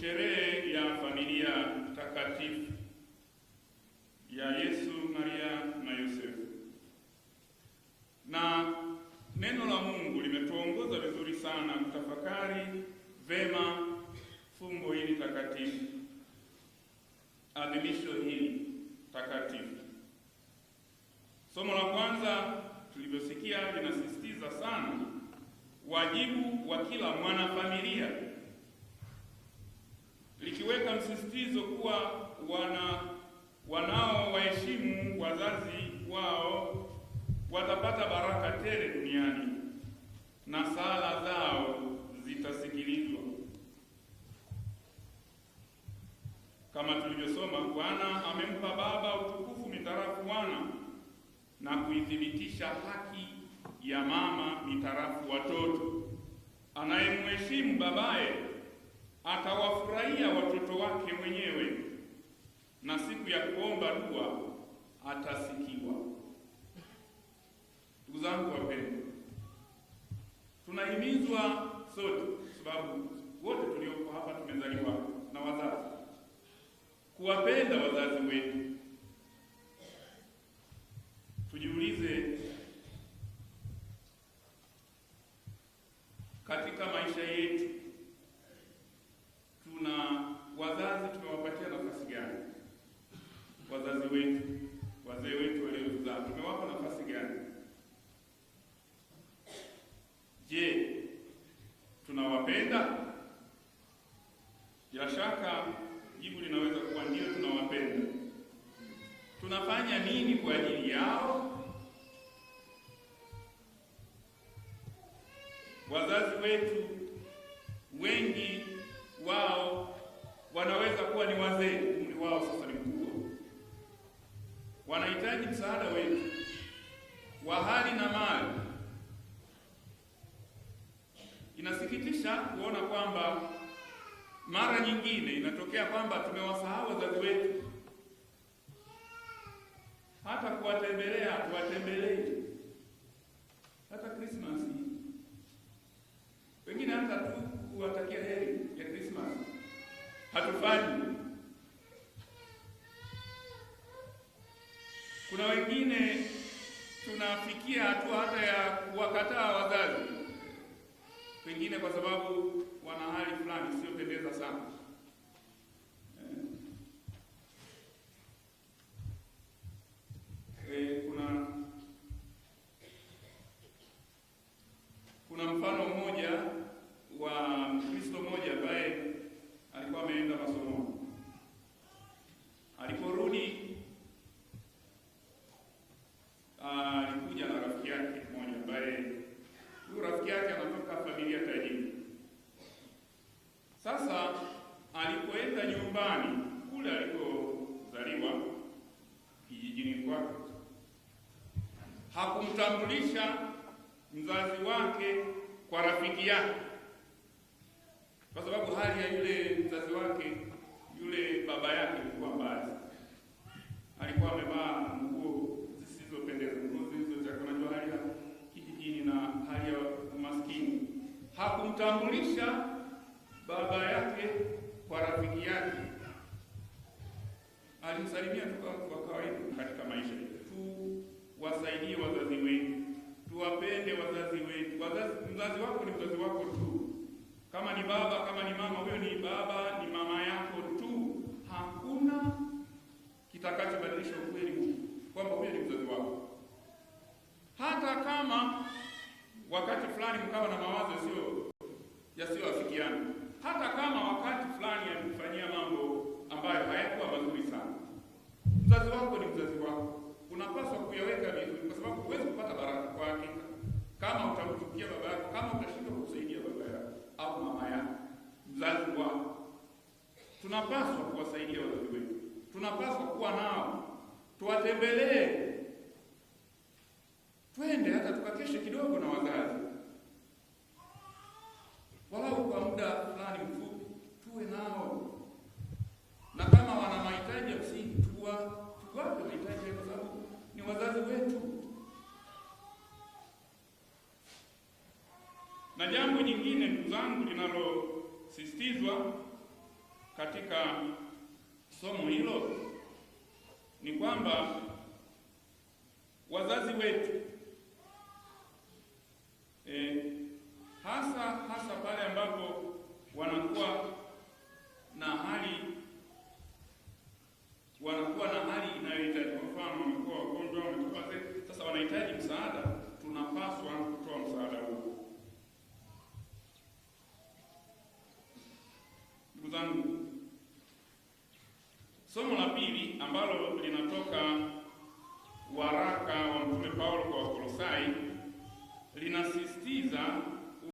sherehe ya familia takatifu ya Yesu, Maria na Yosefu. Na neno la Mungu limetuongoza vizuri sana kutafakari vema fumbo hili takatifu, adhimisho hili takatifu. Somo la kwanza tulivyosikia linasisitiza sana wajibu wa kila mwanafamilia ikiweka msisitizo kuwa wana wanao waheshimu wazazi wao watapata baraka tele duniani na sala zao zitasikilizwa. Kama tulivyosoma, Bwana amempa Baba utukufu mitarafu wana na kuithibitisha haki ya mama mitarafu watoto. Anayemheshimu babaye atawafurahia watoto wake mwenyewe, na siku ya kuomba dua atasikiwa. Ndugu zangu wapendwa, tunahimizwa sote, sababu wote tulioko hapa tumezaliwa na wazazi, kuwapenda wazazi wetu. Tujiulize katika maisha yetu nini kwa ajili yao. Wazazi wetu wengi wao wanaweza kuwa ni wazee, umri wao sasa ni mkubwa, wanahitaji msaada wetu wa hali na mali. Inasikitisha kuona kwamba mara nyingine inatokea kwamba tumewasahau wazazi wetu hatufanyi. Kuna wengine tunafikia hatua hata ya kuwakataa wazazi, pengine kwa sababu wana hali fulani isiyopendeza sana kumtambulisha mzazi wake kwa rafiki yake, kwa sababu hali ya yule mzazi wake, yule baba yake alikuwa mbaya, alikuwa amevaa nguo zisizopendeza, nguo zilizochakaa. Unajua hali ya kijijini na hali ya umaskini. Hakumtambulisha baba yake kwa rafiki yake, alimsalimia tu kwa kawaida. Katika maisha tu wasaidie wazazi tuwapende wazazi wetu. Wazazi, mzazi wako ni mzazi wako tu, kama ni baba, kama ni mama, huyo ni baba, ni mama yako tu. Hakuna kitakachobadilisha ukweli huu kwamba huyo ni mzazi wako, hata kama wakati fulani mkawa na mawazo sio yasiyoafikiana, hata kama wakati fulani alikufanyia mambo ambayo hayakuwa mazuri sana, mzazi wako ni mzazi wako, unapaswa kuyaweka vizuri, kwa sababu huwezi kupata baraka kwake. Kama utamtukia baba yako, kama utashindwa kumsaidia baba yako au mama yako, mzazi wako, tunapaswa kuwasaidia wazazi wetu, tunapaswa kuwa nao, tuwatembelee, twende hata tukakeshe kidogo na wazazi, walau kwa muda fulani mfupi, tuwe nao, na kama wana mahitaji ya msingi tuwape mahitaji, kwa sababu ni wazazi wetu. Na jambo nyingine ndugu zangu, linalosisitizwa katika somo hilo ni kwamba wazazi wetu